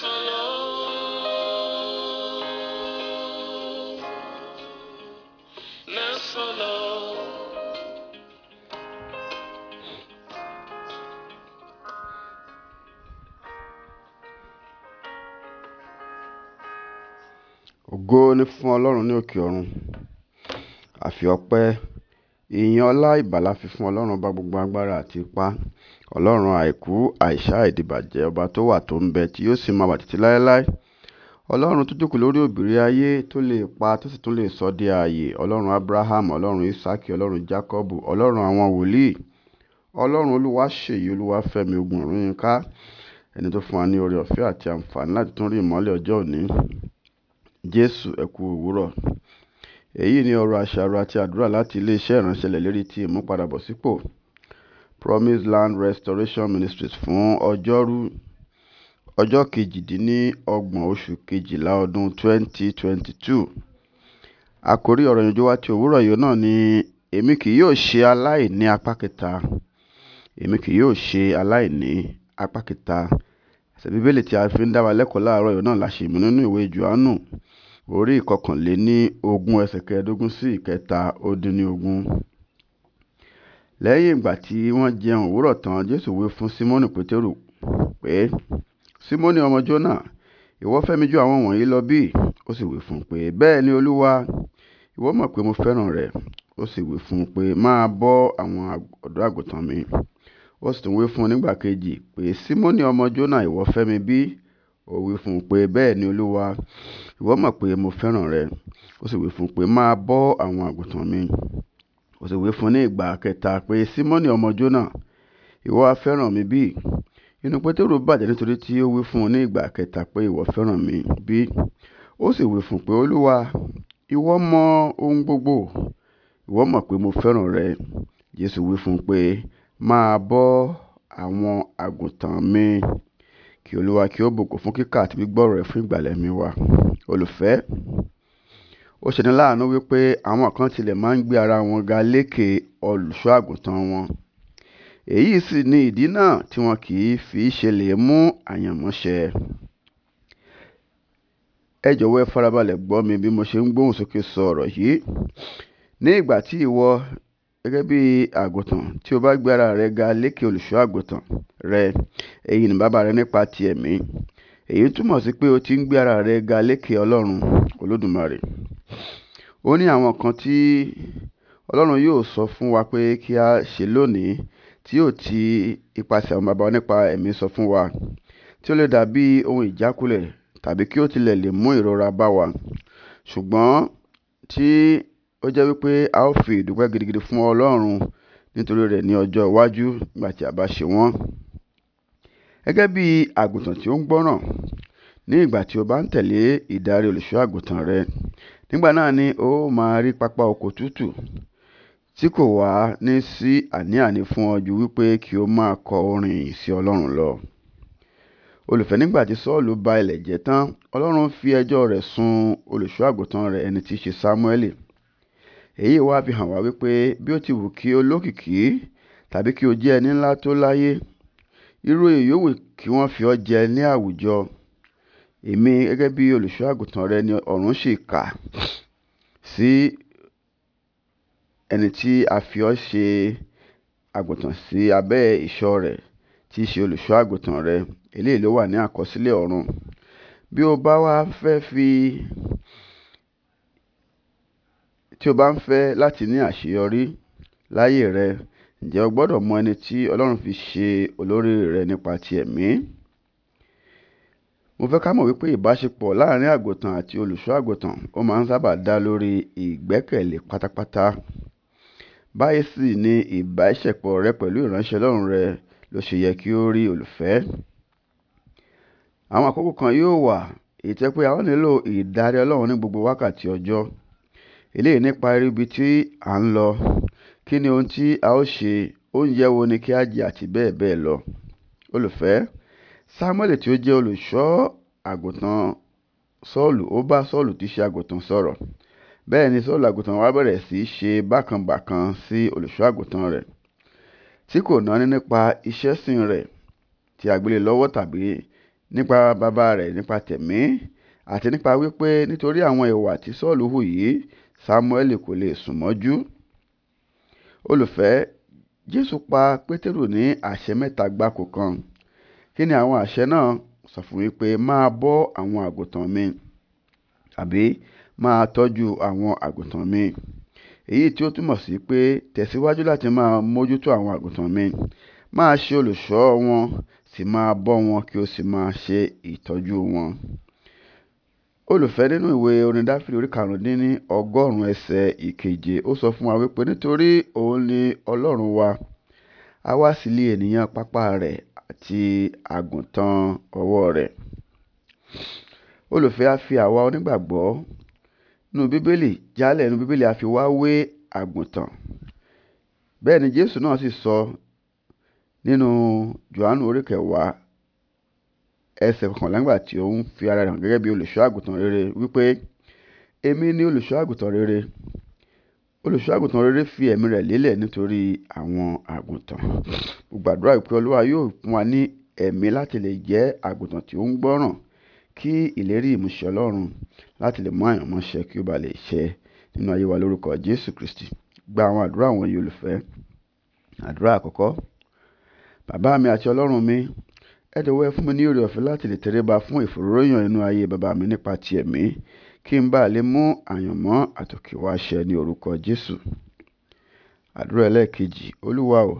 ògo ni fún ọlọ́run ní òkè ọ̀run àfi ọpẹ́ Ìyìn ọlá ìgbàlà fífún Ọlọ́run Ọba gbogbo agbára àti ipá. Ọlọ́run àìkú, àìsà, àìdìbàjẹ́, Ọba tó wà tó ń bẹ tí yóò sì máa wà títí láéláé. Ọlọ́run tó jókòó lórí òbírí ayé tó lè pa tó sì tún lè sọ di ààyè. Ọlọ́run Abraham, Ọlọ́run Isaki, Ọlọ́run Jakọbu, Ọlọ́run àwọn wòlíì. Ọlọ́run Olúwaṣeyì Olúwafẹ́mi ogun ọ̀run yín ká. Ẹni tó fún wa ní oore ọ̀fẹ́ àti àǹfààní láti tún rí ìmọ́lẹ̀ ọjọ́ òní. Jésù ẹ kú òwúrọ̀. Èyí ni ọ̀rọ̀ àṣàrò àti àdúrà láti ilé Ìránṣẹ́ Ìlérí ti Ìmúpadàbọ̀sípò Promise Land Restoration Ministries fún Ọjọ́rú ọjọ́ kejìdínlọ́gbọ̀n oṣù Kejìlá ọdún twenty twenty two. Àkórí ọ̀rọ̀ ìyànjú wa ti òwúrọ̀ yìí náà ni èmi kì yóò ṣe aláìní apá kẹta. Èmi kì yóò ṣe aláìní apá kẹta. Ẹsẹ̀ Bíbélì tí a fi ń dá wa lẹ́kọ̀ọ́ láàárọ̀ yìí náà la ṣe mú nínú ìwé Jòhánù orí ìkọkànléníogún ẹsẹ̀ kẹẹ̀ẹ́dógún sí ìkẹta ó dín ní ogún. lẹ́yìn ìgbà tí wọ́n jẹun òwúrọ̀ tán jésù wí fún simoni pétérù pé simoni ọmọ jona ìwọ fẹ́ mi ju àwọn wọ̀nyí lọ bí ó sì wí fún un pé bẹ́ẹ̀ ni olúwa ìwọ mọ̀ pé mo fẹ́ràn rẹ ó sì wí fún un pé máa bọ́ àwọn ọ̀dọ́ àgùntàn mi ó sì tún wí fún un nígbà kejì pé simoni ọmọ jona ìwọ fẹ́ mi bí ó wí fún un pé bẹ́ẹ̀ ni olúwa Ìwọ mọ̀ pé mo fẹ́ràn rẹ. Ó sì wí fún un pé, máa bọ́ àwọn àgùntàn mi. Ó sì wí fún un ní ìgbà kẹta pé, Simoni ọmọ Jona, ìwọ ha fẹ́ràn mi bí? Inú Peteru bàjẹ́ nítorí tí ó wí fún un ní ìgbà kẹta pé, ìwọ fẹ́ràn mi bí? Ó sì wí fún pé, Olúwa, ìwọ mọ ohun gbogbo. Ìwọ mọ̀ pé mo fẹ́ràn rẹ. Jesu wí fún pé, máa bọ́ àwọn àgùntàn mi. Kí Olúwa kí ó bùkún fún kíkà àti gbígbọ́ ọ̀rọ̀ rẹ̀ fún ìgbàlẹ̀ mi wa. Olùfẹ́, ó ṣeni láàánú wípé àwọn kan tilẹ̀ máa ń gbé ara wọn ga lékè olùṣọ́ àgùntàn wọn. Èyí sì ni ìdí náà tí wọn kì í fi ṣe lè mú àyànmọ́ṣẹ. Ẹ jọ̀wọ́ ẹ farabalẹ̀ gbọ́ mi bí mo ṣe ń gbóhùn sókè sọ ọ̀rọ̀ yìí. Ní ìgbà tí ìwọ Gẹ́gẹ́ bí àgùntàn tí ó bá gbé ara rẹ̀ ga lékè olùṣọ́ àgùntàn rẹ̀, èyí ni baba rẹ̀ nípa ti ẹ̀mí. Èyí túmọ̀ sí pé o ti ń gbé ara rẹ ga lékè Ọlọ́run Olódùmarè. Ó ní àwọn nǹkan tí Ọlọ́run yóò sọ fún wa pé kí á ṣe lónìí tí yóò ti ipasẹ̀ àwọn baba nípa ẹ̀mí sọ fún wa, tí ó lè dàbí ohun ìjákulẹ̀ tàbí kí ó tilẹ̀ lè mú ìrora bá wa. Ṣùgbọ́n tí ó jẹ́ wípé a ó fi ìdúpẹ́ gidigidi fún Ọlọ́run nítorí rẹ̀ ní ọjọ́ iwájú nígbà tí a bá ṣe wọ́n. Gẹ́gẹ́ bí àgùntàn tí ó ń gbọ́ràn ní ìgbà tí o bá ń tẹ̀lé ìdarí olùṣọ́ àgùntàn rẹ, nígbà náà ni ó máa rí pápá oko tútù tí kò wá ní sí àní-àní fún ọ ju wípé kí o máa kọ orin sí Ọlọ́run lọ. Olùfẹ́ nígbà tí Sọ́ọ̀lù ba ilẹ̀ jẹ́ tán, Ọlọ́run fi ẹjọ́ rẹ̀ sun olùṣọ́ àgùntàn rẹ̀ ẹni tí í ṣe Sámúẹ́lì. Èyí wá fi hàn wá wípé bí ó ti wù kí o lókìkí tàbí kí o jẹ́ ẹni ńlá tó láyé, irú oyè kí wọ́n fi ọ́ jẹ ní àwùjọ, èmi gẹ́gẹ́ bí olùṣọ́ àgùntàn rẹ ni ọ̀run sì kà sí ẹni tí a fi ọ́ ṣe àgùntàn sí abẹ́ ìṣọ́ rẹ̀ tí í ṣe olùṣọ́ àgùntàn rẹ. Eléyìí ló wà ní àkọsílẹ̀ ọ̀run. Bí o bá wá fẹ́ fi Tí o bá ń fẹ́ láti ní àṣeyọrí láyé rẹ, ǹjẹ́ o gbọ́dọ̀ mọ ẹni tí Ọlọ́run fi ṣe olórí rẹ nípa ti ẹ̀mí. Mo fẹ́ ká mọ̀ wípé ìbáṣepọ̀ láàárín àgùntàn àti olùṣọ́ àgùntàn ó máa ń sábà dá lórí ìgbẹ́kẹ̀lé pátápátá. Báyìí sì ni ìbáṣepọ̀ rẹ pẹ̀lú ìránṣẹ́ Ọlọ́run rẹ ló ṣe yẹ kí ó rí olùfẹ́. Àwọn àkókò kan yóò wà èyí to nílò ìdarí Ọlọ́run ní gbogbo wákàtí ọjọ́ eléyìí nípa irú ibi tí à ń lọ kí ni ohun tí a ó ṣe oúnjẹ wo ni kí a jẹ àti bẹ́ẹ̀ bẹ́ẹ̀ lọ olùfẹ́ sámúẹ́lì tí ó jẹ́ olùṣọ́ àgùntàn sọ́ọ̀lù ó bá sọ́ọ̀lù tí í ṣe àgùntàn sọ̀rọ̀ bẹ́ẹ̀ ni sọ́ọ̀lù àgùntàn wa bẹ̀rẹ̀ sí í ṣe bákanbàkan sí olùṣọ́ àgùntàn rẹ̀ tí kò náni nípa iṣẹ́ sìn rẹ̀ tí a lọ́wọ́ tàbí nípa bàbá rẹ̀ nípa tẹ̀mí àti nípa wípé nítorí àwọn ìwà tí sọ́ọ̀lù hù yìí samuel kò lè sùn mọ́jú olùfẹ́ jésù pa pétérù ní àṣẹ mẹ́ta gbáko kan kí ni àwọn àṣẹ náà sọ fún wípé máa bọ́ àwọn àgùntàn mi àbí máa tọ́jú àwọn àgùntàn mi èyí tí ó túmọ̀ sí pé tẹ̀síwájú láti máa mójútó àwọn àgùntàn mi máa ṣe olùṣọ́ wọn sì máa bọ́ wọn kí o sì máa ṣe ìtọ́jú wọn Olùfẹ́ nínú ìwé orin Dáfídì orí karùndínní ọgọ́rùn-ún ẹsẹ̀ ìkeje ó sọ fún wa wípé nítorí òun ni Ọlọ́run wa àwa sì li ènìyàn pápá rẹ̀ àti àgùntàn ọwọ́ rẹ̀. Olùfẹ́ a fi àwa onígbàgbọ́ nínú Bíbélì jálẹ̀ nínú Bíbélì a fi wá wé àgùntàn. Bẹ́ẹ̀ ni Jésù náà sì sọ nínú Jòhánù orí kẹwàá ẹsẹ̀ kọkànlá ńgbà tí ó ń fi ara rẹ̀ hàn gẹ́gẹ́ bí olùṣọ́ àgùntàn rere wípé èmi ni olùṣọ́ àgùntàn rere olùṣọ́ àgùntàn rere fi ẹ̀mí rẹ̀ lélẹ̀ nítorí àwọn àgùntàn mo gbàdúrà pé olúwa yóò fún wa ní ẹ̀mí láti lè jẹ́ àgùntàn tí ó ń gbọ́ràn kí ìlérí ìmúṣẹ ọlọ́run láti lè mú àyànmọ́ṣẹ kí ó ba lè ṣẹ nínú ayé wa lórúkọ jésù kristi gba àwọn àdúrà wọ̀nyí olùfẹ́ àdúrà àkọ́kọ́ bàbá mi àti ọlọ́run mi ẹ jọ̀wọ́ ẹ fún mi ní oore-ọ̀fẹ́ láti lè tẹríba fún ìfòróróyàn inú ayé bàbá mi nípa ti ẹ̀mí kí n bá lè mú àyànmọ́ àtòkè wá ṣẹ ní orúkọ jésù àdúrà ẹlẹ́ẹ̀kejì olúwa o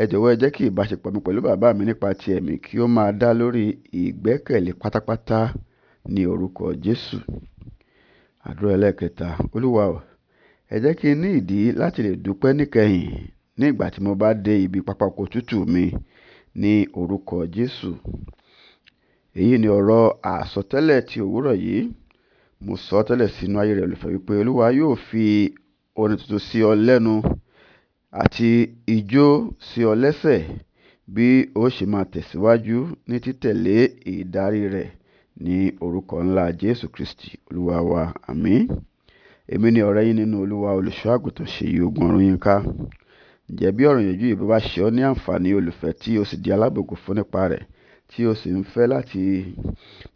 ẹ jọ̀wọ́ ẹ jẹ́ kí ìbáṣepọ̀ mi pẹ̀lú bàbá mi nípa ti ẹ̀mí kí ó máa dá lórí ìgbẹ́kẹ̀lé pátápátá ní orúkọ jésù àdúrà ẹlẹ́ẹ̀kẹta olúwa o ẹ jẹ́ kí n ní ìdí láti lè dúpẹ́ níkẹyìn ní ìgbà tí mo bá dé ibi pápákọ̀ tútù mi ní orúkọ Jésù. Èyí ni ọ̀rọ̀ àsọtẹ́lẹ̀ ti òwúrọ̀ yìí. Mo sọ tẹ́lẹ̀ sínú ayé rẹ̀ olùfẹ́ wípé Olúwa yóò fi orin tuntun sí ọ lẹ́nu àti ijó sí ọ lẹ́sẹ̀ bí ó ṣe máa tẹ̀síwájú ní títẹ̀lé ìdarí rẹ̀ ní orúkọ ńlá Jésù Kristi Olúwa wa. Àmín. Èmi ni ọ̀rẹ́ yín nínú Olúwa olùṣọ́ Ṣèyí Ogun Ọ̀rúnyínká. Ǹjẹ́ bí ọ̀rọ̀ ìyànjú yìí bá ṣe ọ́ ní àǹfààní olùfẹ́ tí o sì di alábùkún fún nípa rẹ̀, tí o sì ń fẹ́ láti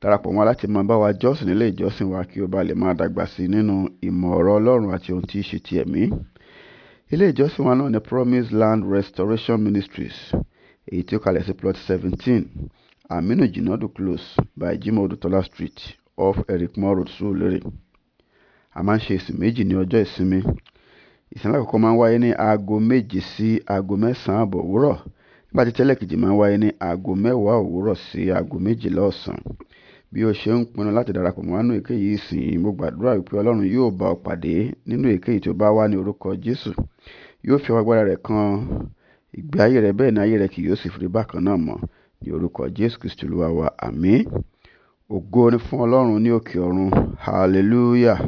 darapọ̀ mọ́ láti máa bá wa jọ́sìn nílé ìjọsìn wa kí o bá lè máa dàgbà sí nínú ìmọ̀ ọ̀rọ̀ Ọlọ́run àti ohun tí í ṣe ti ẹ̀mí. Ilé ìjọsìn wa náà ni Promise Land Restoration Ministries, èyí tí ó kalẹ̀ sí plot seventeen Aminu Jinadu Close by Jimoh Odutola Street off Eric Road, Surulere. A máa ń ṣe ìsìn méjì ní ọjọ́ ìsinmi ìsìn alákọ̀ọ́kọ́ máa ń wáyé ní aago méje sí aago mẹ́sàn-án àbọ̀ òwúrọ̀ nígbà tí tẹ́lẹ̀kejì máa ń wáyé ní aago mẹ́wàá òwúrọ̀ sí aago méjìlá ọ̀sán bí o ṣe ń pinnu láti darapọ̀ mọ́ nínú èkéyìí ìsìn mo gbàdúrà wípé ọlọ́run yóò bá ọ pàdé nínú èkéyìí tí o bá wá ní orúkọ jésù yóò fi agbára rẹ̀ kan ìgbé ayé rẹ bẹ́ẹ̀ ni ayé rẹ kì yóò sì fi bákan náà mọ́ ní orúkọ jésù kristu olúwa wa àmín ògo ni fún ọlọ́run ní òkè ọ̀run hallelujah.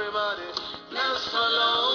everybody. dance us